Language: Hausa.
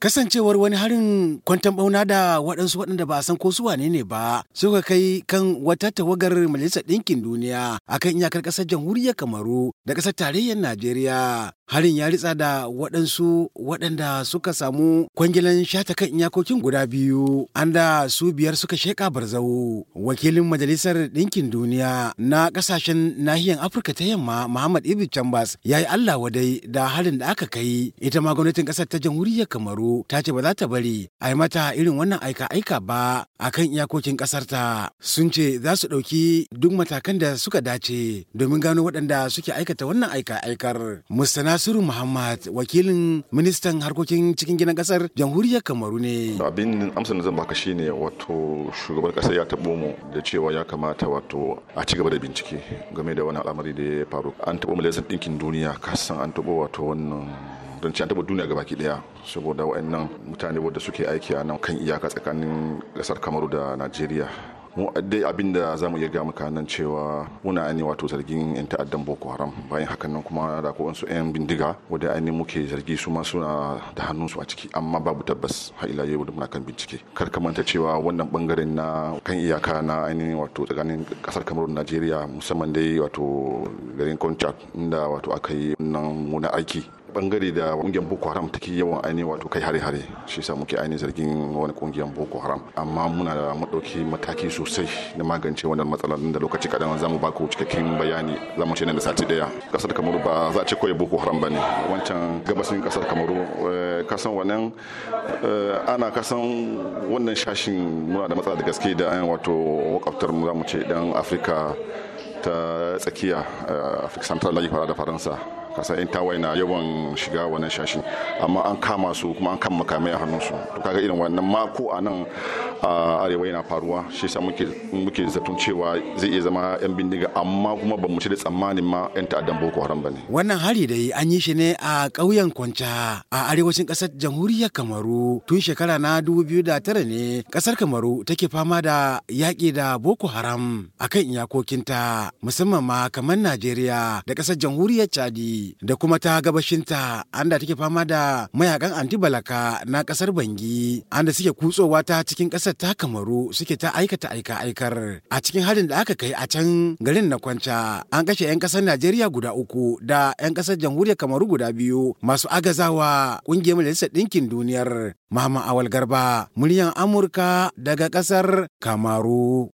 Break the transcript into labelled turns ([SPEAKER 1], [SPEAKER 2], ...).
[SPEAKER 1] kasancewar wani harin kwantan bauna da waɗansu waɗanda ba a san ko su wane ne ba suka kai kan wata tawagar majalisar ɗinkin duniya akan iyakar ƙasar jamhuriyar kamaru da ƙasar tarayyar najeriya harin ya ritsa da waɗansu waɗanda suka samu kwangilan shata kan iyakokin guda biyu an da su biyar suka sheƙa barzawo wakilin majalisar ɗinkin duniya na ƙasashen nahiyar afirka ta yamma muhammad ibi chambers ya yi allah wadai da harin da aka kai ita ma gwamnatin ƙasar ta jamhuriyar kamaru ta ce ba za ta bari a yi mata irin wannan aika aika ba a kan iyakokin ƙasar ta sun ce za su ɗauki duk matakan da suka dace domin gano waɗanda suke aikata wannan aika aikar mustana Nasiru Muhammad wakilin ministan harkokin cikin gidan kasar jamhuriyar Kamaru ne. Abin amsar da zan baka shine wato shugaban kasar ya tabo mu
[SPEAKER 2] da cewa ya kamata wato a ci gaba da bincike game da wani al'amari da ya faru. An tabo majalisar dinkin duniya kasan an tabo wato wannan don ci an taba duniya gabaki daya saboda wa'annan mutane wadda suke aiki a nan kan iyaka tsakanin kasar kamaru da najeriya mu dai abin da za mu iya ga nan cewa muna ainihin wato zargin yan ta'addan boko haram bayan hakan nan kuma da ko wasu yan bindiga wanda ainihin muke zargi su ma suna da hannunsu a ciki amma babu tabbas har ila yau da muna kan bincike kar ka manta cewa wannan bangaren na kan iyaka na ainihin wato tsakanin kasar kamarun najeriya musamman dai wato garin konchat inda wato aka yi wannan muna aiki bangare da kungiyar boko haram take yawan aini wato kai hare-hare shi sa muke aini zargin wani kungiyar boko haram amma muna da madauki mataki sosai na magance wannan matsalar da lokaci kadan za mu baku cikakken bayani za mu ce nan da sati daya kasar kamaru ba za a ce kawai boko haram ba ne wancan gabasin kasar kamaru eh, kasan wannan eh, ana kasan wannan shashin muna da matsala da gaske da wato wakaftar mu za mu ce dan afirka ta tsakiya eh, afirka central fara da faransa kasa yan tawaye na yawan shiga wannan shashi amma an kama su kuma an kan makamai a hannunsu to kaga irin wannan mako a nan a arewa yana faruwa shi yasa muke zaton cewa zai iya zama yan bindiga amma kuma ba mu ci da tsammanin ma yan ta'addan boko haram
[SPEAKER 1] bane wannan hari yi an yi shi ne a ƙauyen kwanca a arewacin ƙasar jamhuriyar kamaru tun shekara na dubu biyu da tara ne ƙasar kamaru take fama da yaƙi da boko haram akan iyakokinta musamman ma kamar najeriya da ƙasar jamhuriyar chadi da kuma ta gabashinta anda take fama da mayakan antibalaka na kasar Bangi anda suke kutsowa ta cikin kasar ta Kamaru suke ta aikata aika aikar a cikin halin da aka kai a can garin na kwanca. an kashe 'yan kasar Najeriya guda uku da 'yan kasar Jamhuriyar Kamaru guda biyu masu agazawa kungiyar Majalisar ɗinkin Duniyar Mahama Awal Garba muryan Amurka daga kasar Kamaru